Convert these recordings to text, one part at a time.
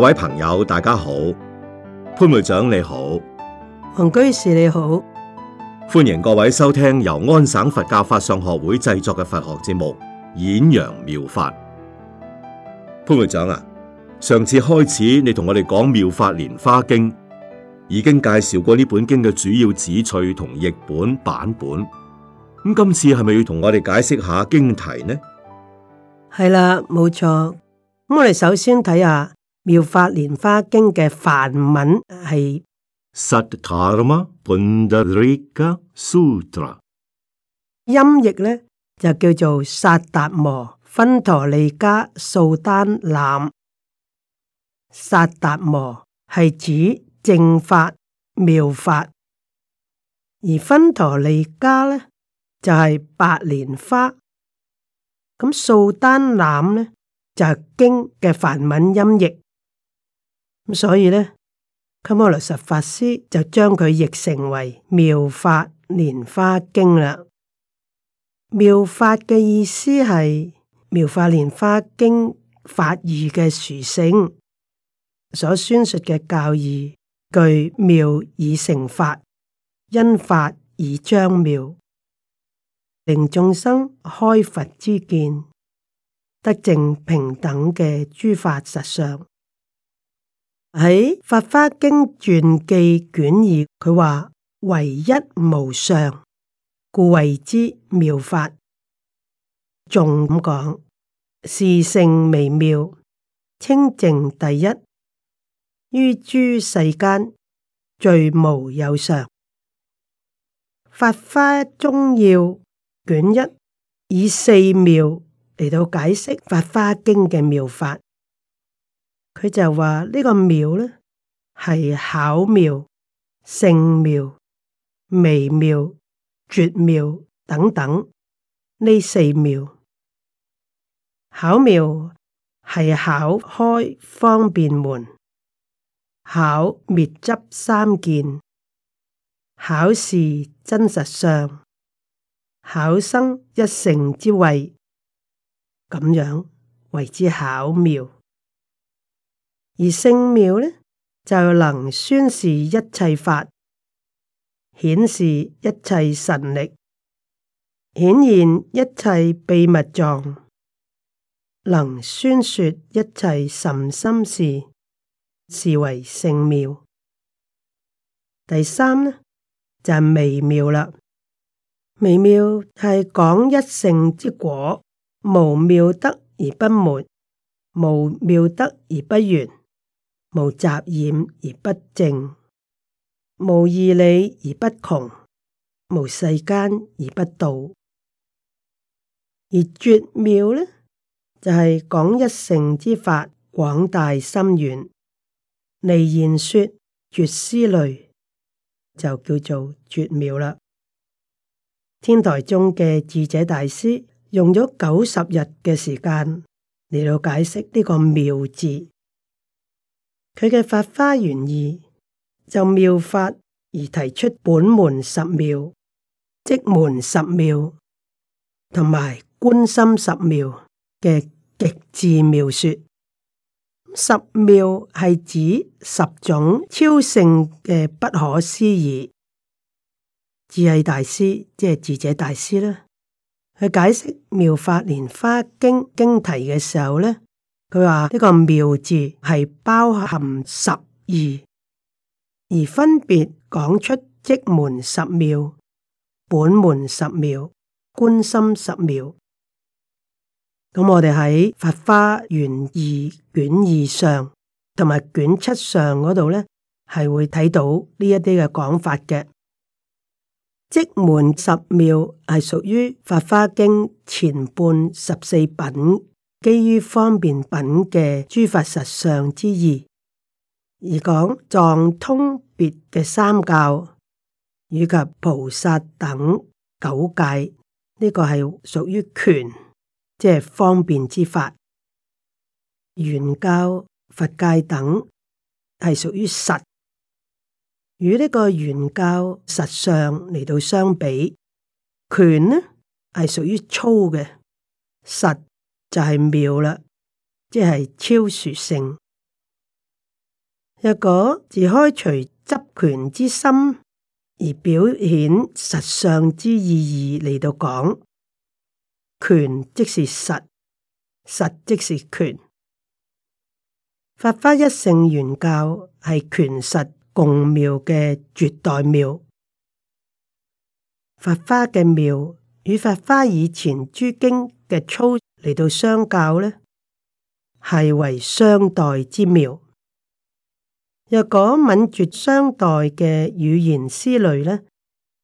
各位朋友，大家好，潘會長你好，黃居士你好，歡迎各位收聽由安省佛教法相學會製作嘅佛學節目《演揚妙法》。潘會長啊，上次開始你同我哋講《妙法蓮花經》，已經介紹過呢本經嘅主要旨趣同譯本版本。咁今次係咪要同我哋解釋下經題呢？係啦，冇錯。咁我哋首先睇下。妙法蓮花經嘅梵文係 Saddharma Pundarika Sutra，音譯咧就叫做薩達摩芬陀利加素丹覽。薩達摩係指正法妙法，而芬陀利加咧就係、是、白蓮花。咁素丹覽咧就係、是、經嘅梵文音譯。所以呢，鳩摩羅什法師就將佢譯成為《妙法蓮華經》啦。妙法嘅意思係妙法蓮華經法義嘅殊勝，所宣述嘅教義具妙以成法，因法而彰妙，令眾生開佛之見，得證平等嘅諸法實相。喺《法花經傳記卷二》，佢話唯一無上，故謂之妙法。仲咁講，是性微妙，清淨第一，於諸世間最無有上。」《法花宗要卷一》以四妙嚟到解釋《法花經》嘅妙法。佢就話、這個、呢個妙咧，係巧妙、聖妙、微妙、絕妙等等呢四考妙。巧妙係巧開方便門，巧滅執三見，巧示真實相，巧生一乘之慧，咁樣為之巧妙。而聖妙呢，就能宣示一切法，顯示一切神力，顯現一切秘密狀，能宣說一切甚深事，是為聖妙。第三呢，就係微妙啦。微妙係講一性之果，無妙德而不滿，無妙德而不圓。無雜染而不淨，無義理而不窮，無世間而不道。而絕妙呢，就係、是、講一乘之法，廣大深遠，離言說絕思慮，就叫做絕妙啦。天台中嘅智者大師用咗九十日嘅時間嚟到解釋呢個妙字。佢嘅法華原意就妙法而提出本門十妙、迹門十妙同埋觀心十妙嘅極致妙說。十妙係指十種超勝嘅不可思議智慧大師，即係智者大師啦。去解釋妙法蓮華經經題嘅時候咧。佢話呢個妙字係包含十二，而分別講出跡門十妙、本門十妙、觀心十妙。咁我哋喺《法花玄義》卷二上同埋卷七上嗰度呢，係會睇到呢一啲嘅講法嘅。跡門十妙係屬於《法花經》前半十四品。基於方便品嘅諸法實相之義，而講藏通別嘅三教，以及菩薩等九界，呢個係屬於權，即係方便之法。圓教佛界等係屬於實，與呢個圓教實相嚟到相比，權呢係屬於粗嘅實。就係妙啦，即係超說性。若果自開除執權之心而表現實相之意義嚟到講，權即是實，實即是權。法華一性圓教係權實共妙嘅絕待妙，法華嘅妙與法華以前諸經嘅粗，嚟到相教呢，係為相待之妙。若果泯絕相待嘅語言思慮呢，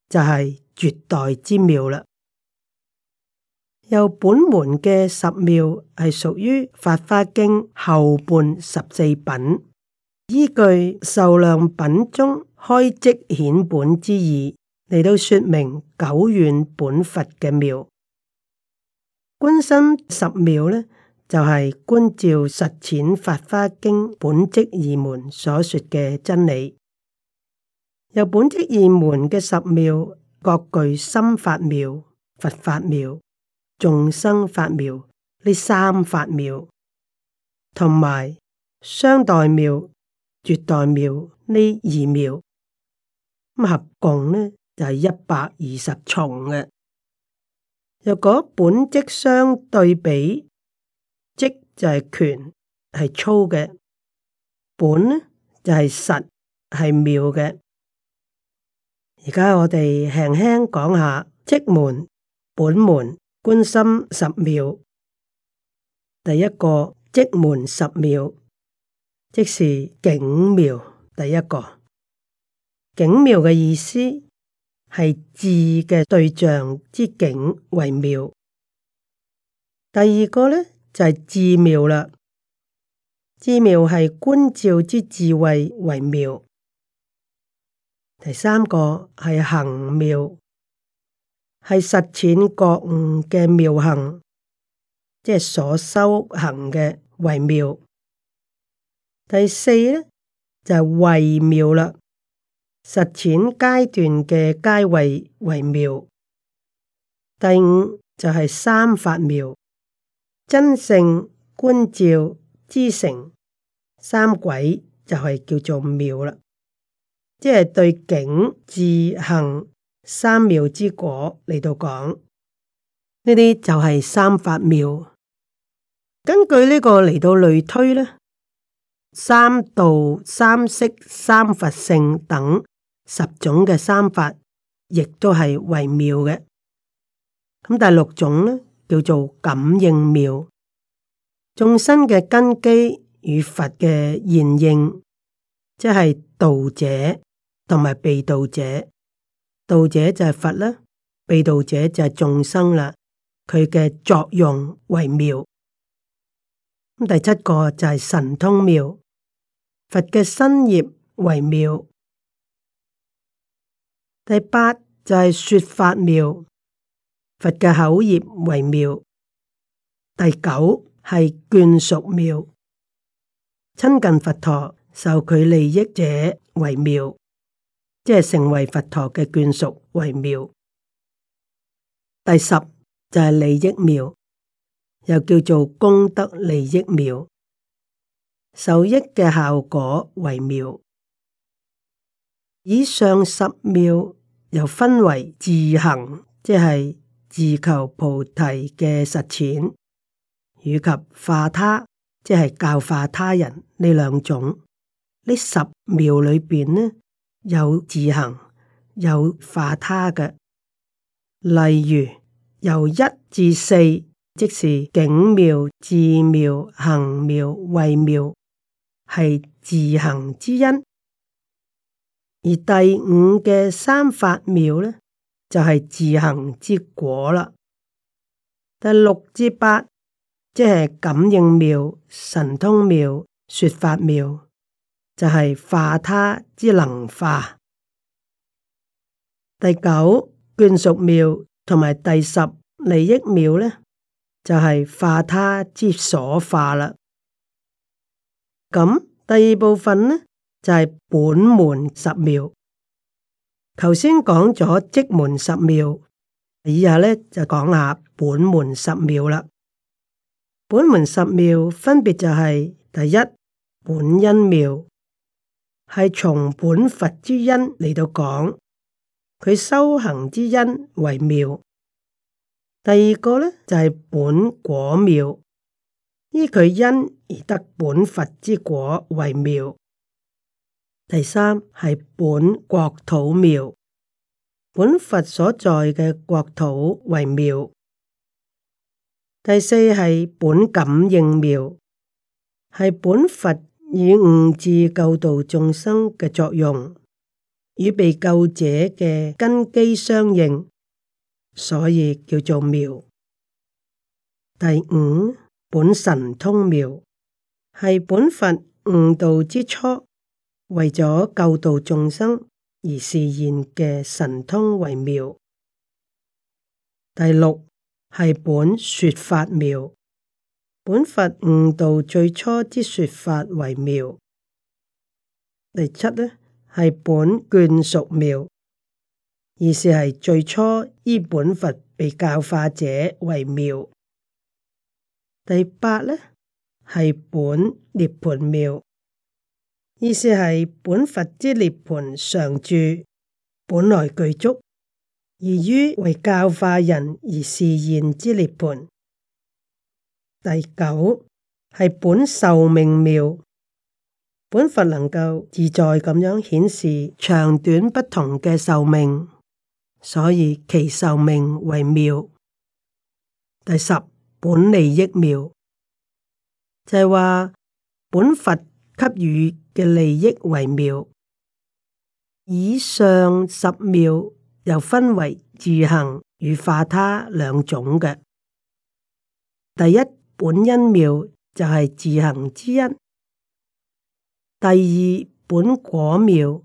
就係、是、絕待之妙啦。又本門嘅十妙係屬於《法華經》後半十四品，依據壽量品中開迹顯本之意嚟到說明久遠本佛嘅妙。觀心十妙呢，就係、是、觀照實踐法花經本迹二門所說嘅真理。由本迹二門嘅十妙，各具心法妙、佛法妙、眾生法妙呢三法妙，同埋商代妙、絕代妙呢二妙，咁合共呢就係、是、一百二十重嘅。若果本迹相對比，迹就係權係粗嘅，本就係實係妙嘅。而家我哋輕輕講下迹門本門觀心十妙，第一個迹門十妙，即是境妙。第一個境妙嘅意思。係智嘅對象之境為妙。第二個咧就係、是、智妙啦，智妙係觀照之智慧為妙。第三個係行妙，係實踐覺悟嘅妙行，即係所修行嘅為妙。第四咧就係、是、慧妙啦。實踐階段嘅階位為妙。第五就係三法妙，真性觀照資成三軌就係叫做妙啦，即係對境自行三妙之果嚟到講呢啲就係三法妙。根據呢個嚟到類推咧，三道、三色、三佛性等。十種嘅三法，亦都係微妙嘅。咁第六種呢，叫做感應妙，眾生嘅根基與佛嘅現應，即係導者同埋被導者。導者就係佛啦，被導者就係眾生啦。佢嘅作用微妙。咁第七個就係神通妙，佛嘅身業微妙。第八就係說法妙，佛嘅口業為妙。第九係眷屬妙，親近佛陀受佢利益者為妙，即係成為佛陀嘅眷屬為妙。第十就係利益妙，又叫做功德利益妙，受益嘅效果為妙。以上十妙又分為自行，即係自求菩提嘅實踐，以及化他，即係教化他人呢兩種。呢十妙裏邊呢，有自行，有化他嘅。例如由一至四，即是境妙、智妙、行妙、位妙，係自行之因。而第五嘅三法妙呢，就係自行之果啦。第六至八即係感應妙、神通妙、說法妙，就係化他之能化。第九眷屬妙同埋第十利益妙呢，就係化他之所化啦。咁第二部分呢？就係本門十妙，頭先講咗迹門十妙，以下咧就講下本門十妙啦。本門十妙分別就係、是、第一本因妙，係從本佛之因嚟到講佢修行之因為妙。第二個咧就係、是、本果妙，依佢因而得本佛之果為妙。第三係本國土妙，本佛所在嘅國土為妙。第四係本感應妙，係本佛以悟智救度眾生嘅作用，與被救者嘅根基相應，所以叫做妙。第五，本神通妙，係本佛悟道之初，為咗救度眾生而示現嘅神通為妙。第六係本說法妙，本佛悟道最初之說法為妙。第七咧係本眷屬妙，意思係最初依本佛被教化者為妙。第八咧係本涅槃妙。意思係本佛之涅盤常住，本來具足，而於為教化人而示現之涅盤。第九係本壽命妙，本佛能夠自在咁樣顯示長短不同嘅壽命，所以其壽命為妙。第十本利益妙，就係話本佛給予嘅利益為妙，以上十妙又分為自行與化他兩種嘅。第一本因妙就係、是、自行之因，第二本果妙，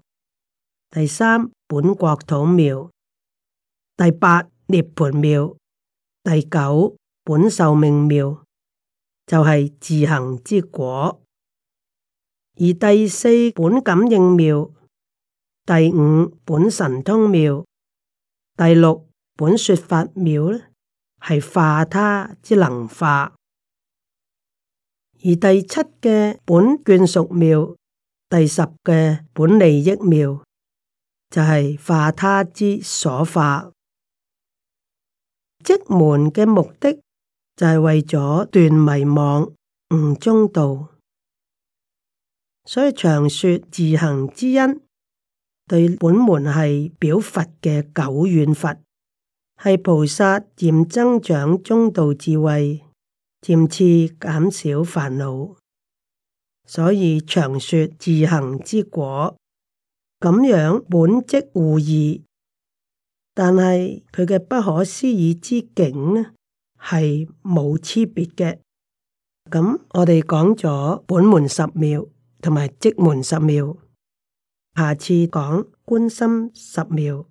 第三本國土妙，第八涅槃妙，第九本壽命妙，就係、是、自行之果。而第四本感應妙，第五本神通妙，第六本說法妙咧，係化他之能化；而第七嘅本眷屬妙，第十嘅本利益妙，就係、是、化他之所化。即門嘅目的就係為咗斷迷惘，悟中道。所以常說自行之因，對本門係表佛嘅久遠佛，係菩薩漸增長中道智慧，漸次減少煩惱。所以常說自行之果，咁樣本迹互異，但係佢嘅不可思議之境呢，係冇差別嘅。咁我哋講咗本門十妙。同埋迹門十妙，下次講觀心十妙。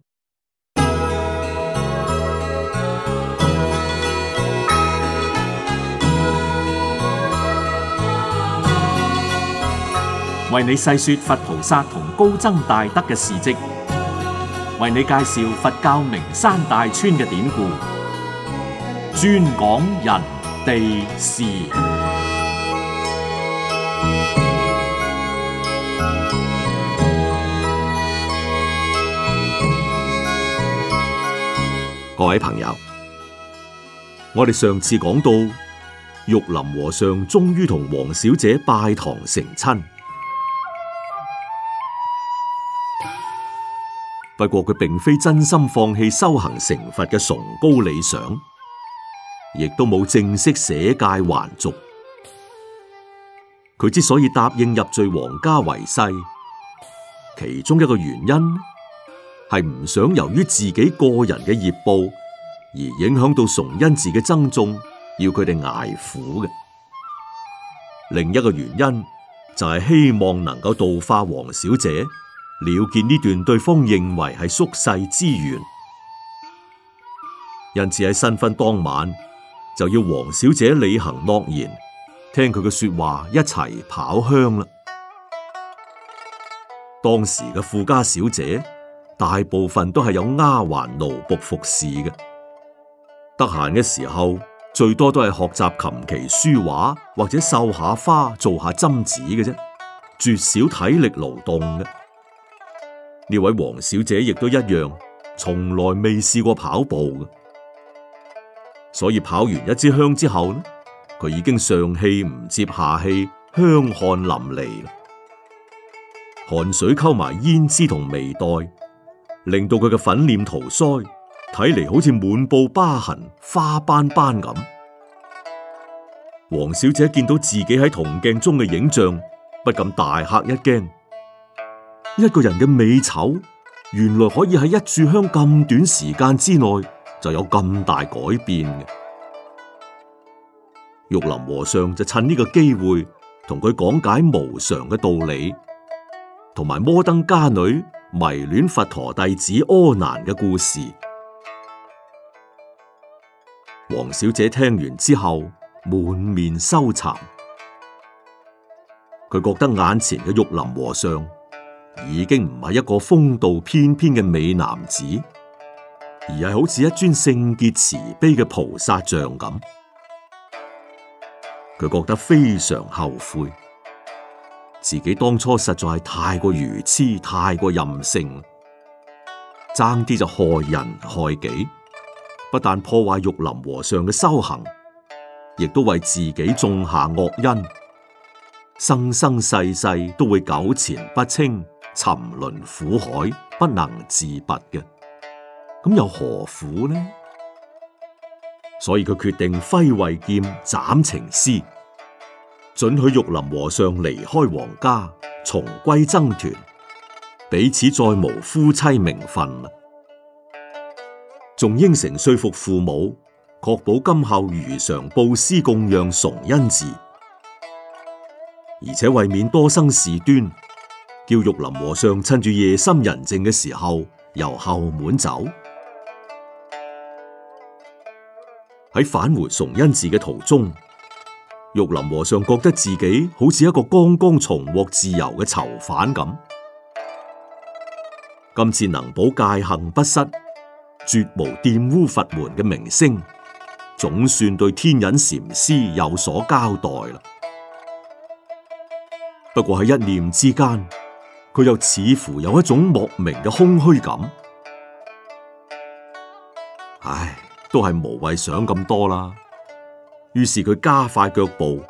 為你細說佛菩薩同高僧大德嘅事跡，為你介紹佛教名山大川嘅典故，專講人地事。各位朋友，我哋上次講到，玉林和尚終於同黃小姐拜堂成親。不過佢並非真心放棄修行成佛嘅崇高理想，亦都冇正式捨戒還俗。佢之所以答應入贅皇家為婿，其中一個原因。係唔想由於自己個人嘅業報而影響到崇恩寺嘅僧眾，要佢哋捱苦嘅。另一個原因就係、是、希望能夠度化黃小姐，了結呢段對方認為係宿世之緣。因此喺新婚當晚就要黃小姐履行諾言，聽佢嘅說話一齊跑香啦。當時嘅富家小姐。大部分都係有丫鬟奴僕服侍嘅，得閒嘅時候最多都係學習琴棋書畫或者繡下花做下針子嘅啫，絕少體力勞動嘅。呢位黃小姐亦都一樣，從來未試過跑步嘅，所以跑完一支香之後呢，佢已經上氣唔接下氣，香汗淋漓，汗水溝埋胭脂同眉黛，令到佢嘅粉臉塗腮，睇嚟好似滿布疤痕、花斑斑咁。黃小姐見到自己喺銅鏡中嘅影像，不禁大吓一驚。一個人嘅美醜，原來可以喺一炷香咁短時間之內就有咁大改變嘅。玉林和尚就趁呢個機會同佢講解無常嘅道理，同埋摩登家女。迷戀佛陀弟子阿難嘅故事，黃小姐聽完之後滿面羞慚，佢覺得眼前嘅玉林和尚已經唔係一個風度翩翩嘅美男子，而係好似一尊聖潔慈悲嘅菩薩像咁，佢覺得非常後悔。自己當初實在太過愚癡，太過任性，爭啲就害人害己，不但破壞玉林和尚嘅修行，亦都為自己種下惡因，生生世世都會糾纏不清，沉淪苦海，不能自拔嘅。咁又何苦呢？所以佢決定揮慧劍斬情絲。准許玉林和尚離開皇家，重歸僧團，彼此再無夫妻名分。仲應承說服父母，確保今後如常布施供養崇恩寺。而且為免多生事端，叫玉林和尚趁住夜深人靜嘅時候，由後門走。喺返回崇恩寺嘅途中，玉林和尚覺得自己好似一個剛剛重獲自由嘅囚犯咁，今次能保戒行不失，絕無玷污佛門嘅名聲，總算對天隱禪師有所交代啦。不過喺一念之間，佢又似乎有一種莫名嘅空虛感。唉，都係無謂想咁多啦。於是佢加快腳步，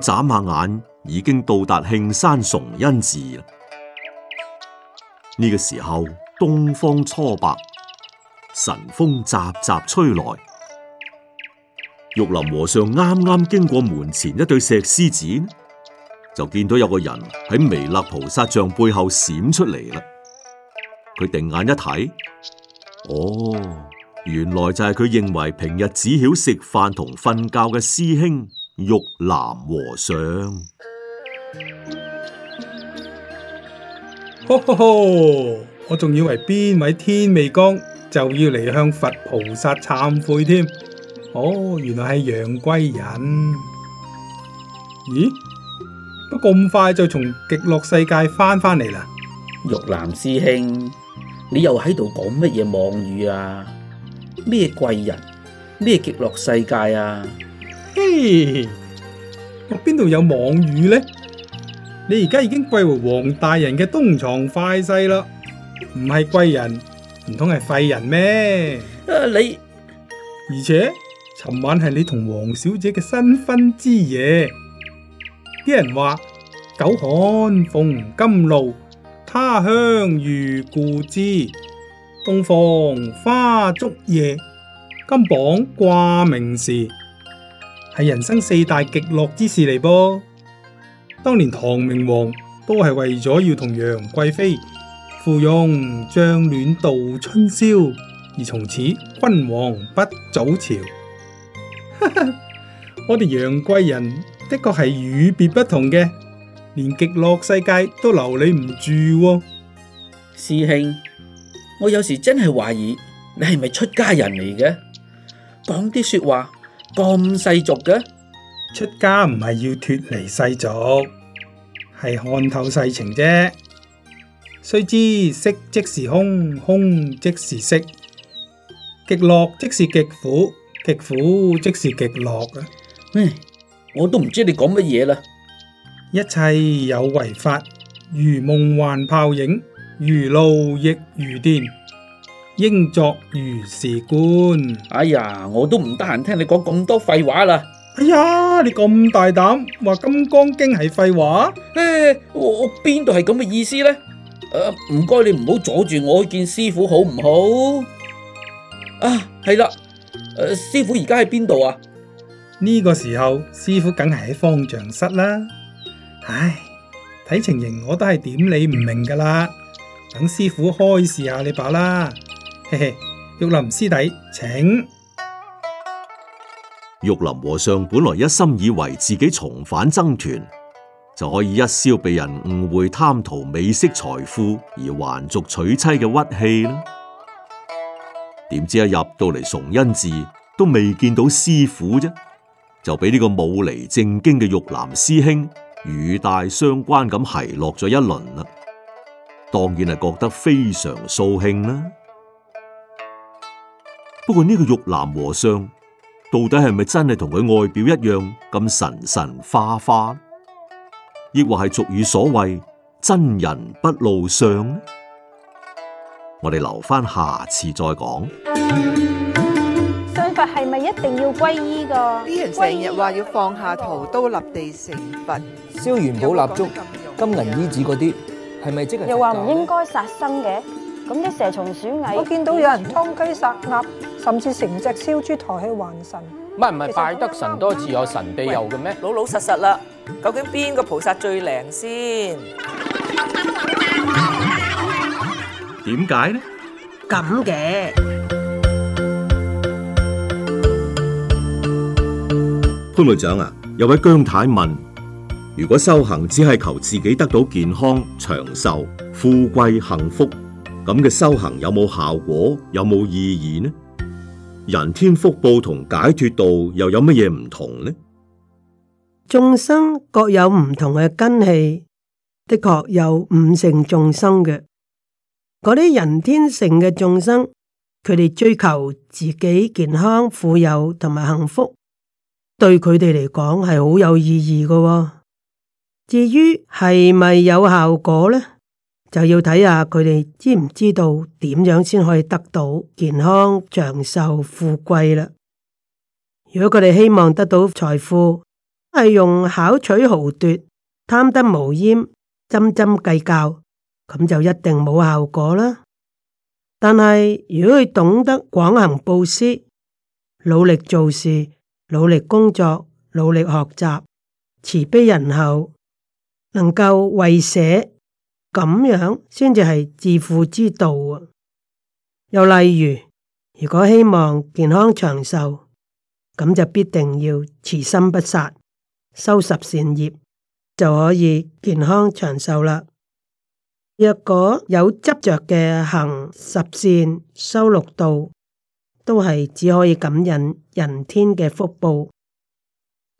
眨下眼已經到達慶山崇恩寺了。呢、這個時候東方初白，晨風習習吹來。玉林和尚啱啱經過門前一對石獅子，就見到有個人喺彌勒菩薩像背後閃出嚟啦。佢定眼一睇，哦。原來就係佢認為平日只曉食飯同瞓覺嘅師兄玉林和尚。哦哦哦、我仲以為邊位天未光就要嚟向佛菩薩懺悔添。哦，原來係楊貴人。咦？乜咁快就從極樂世界翻返嚟啦？玉林師兄，你又喺度講乜嘢妄語啊？咩貴人？咩極樂世界啊？嘿，hey, 我邊度有妄語呢？你而家已經貴為王大人嘅東床快婿啦，唔係貴人，唔通係廢人咩？Uh, 你！而且尋晚係你同王小姐嘅新婚之夜，啲人話：久旱逢甘露，他鄉遇故知。洞房花燭夜，金榜掛名時，係人生四大極樂之事嚟噃，當年唐明皇都係為咗要同楊貴妃芙蓉帳暖度春宵，而從此君王不早朝。 我哋楊貴人的確係與別不同嘅，連極樂世界都留你唔住喎。師兄。我有時真係懷疑你係咪出家人嚟嘅？講啲說話咁世俗嘅。出家唔係要脫離世俗，係看透世情啫。須知色即是空，空即是色，極樂即是極苦，極苦即是極樂啊！咩、嗯？我都唔知你講乜嘢啦。一切有為法，如夢幻泡影。如露亦如電，應作如是觀。哎呀，我都唔得閒聽你講咁多廢話啦！哎呀，你咁大膽，話《金剛經》係廢話？誒、哎，我邊度係咁嘅意思呢？呃，唔該你唔好阻住我去見師傅好唔好？啊，係啦，誒、呃，師傅而家喺邊度啊？呢個時候，師傅梗係喺方丈室啦。唉，睇情形，我都係點你唔明噶啦。等師傅開示下、啊、你把啦，嘿嘿，玉林師弟，請。玉林和尚本來一心以為自己重返僧團，就可以一消被人誤會貪圖美色財富而還俗娶妻嘅屈氣啦。點知一、啊、入到嚟崇恩寺，都未見到師傅啫，就俾呢個冇厘正經嘅玉林師兄語帶相關咁奚落咗一輪啦。當然係覺得非常掃興啦。不過呢個玉林和尚到底係咪真係同佢外表一樣咁神神花花，亦或係俗語所謂真人不露相呢？我哋留翻下次再講。信佛係咪一定要皈依噶？啲人成日話要放下屠刀立地成佛，燒元寶蠟燭、金銀衣紙嗰啲。係咪即係又話唔應該殺生嘅，咁啲蛇蟲鼠蟻，我見到有人劏雞殺鴨，甚至成隻燒豬抬去還神。唔係唔係，拜得神多自有神庇佑嘅咩？老老實實啦，究竟邊個菩薩最靈先？點解呢？咁嘅潘會長啊，有位姜太問。如果修行只係求自己得到健康、長壽、富貴、幸福，咁嘅修行有冇效果？有冇意義呢？人天福報同解脫道又有乜嘢唔同呢？眾生各有唔同嘅根器，的確有五乘眾生嘅嗰啲人天乘嘅眾生，佢哋追求自己健康、富有同埋幸福，對佢哋嚟講係好有意義㗎喎。至於係咪有效果呢？就要睇下佢哋知唔知道點樣先可以得到健康、長壽、富貴啦。如果佢哋希望得到財富，係用巧取豪奪、貪得無厭、斤斤計較，咁就一定冇效果啦。但係如果佢懂得廣行布施，努力做事、努力工作、努力學習，慈悲仁厚。能夠為捨咁樣先至係致富之道啊！又例如，如果希望健康長壽，咁就必定要慈心不殺，修十善業就可以健康長壽啦。若果有執着嘅行十善、修六度，都係只可以感引人天嘅福報。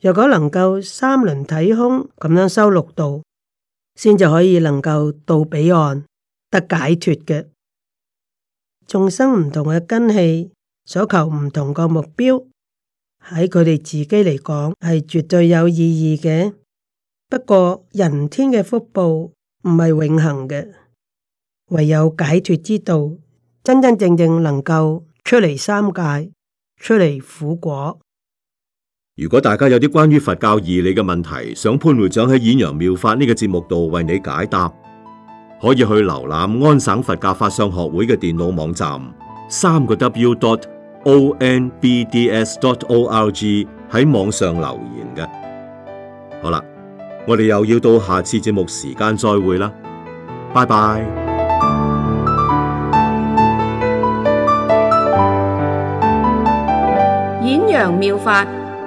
若果能夠三輪體空咁樣修六度，先就可以能夠到彼岸得解脱嘅。眾生唔同嘅根器，所求唔同個目標，喺佢哋自己嚟講係絕對有意義嘅。不過人天嘅福報唔係永恒嘅，唯有解脱之道，真真正正能夠出離三界，出離苦果。如果大家有啲關於佛教義理嘅問題，想潘會長喺《演揚妙法》呢、這個節目度為你解答，可以去瀏覽安省佛教法相學會嘅電腦網站，三個 W dot O N B D S dot O R G 喺網上留言嘅。好啦，我哋又要到下次節目時間再會啦，拜拜。演揚妙法。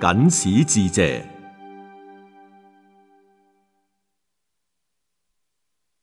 僅此致謝。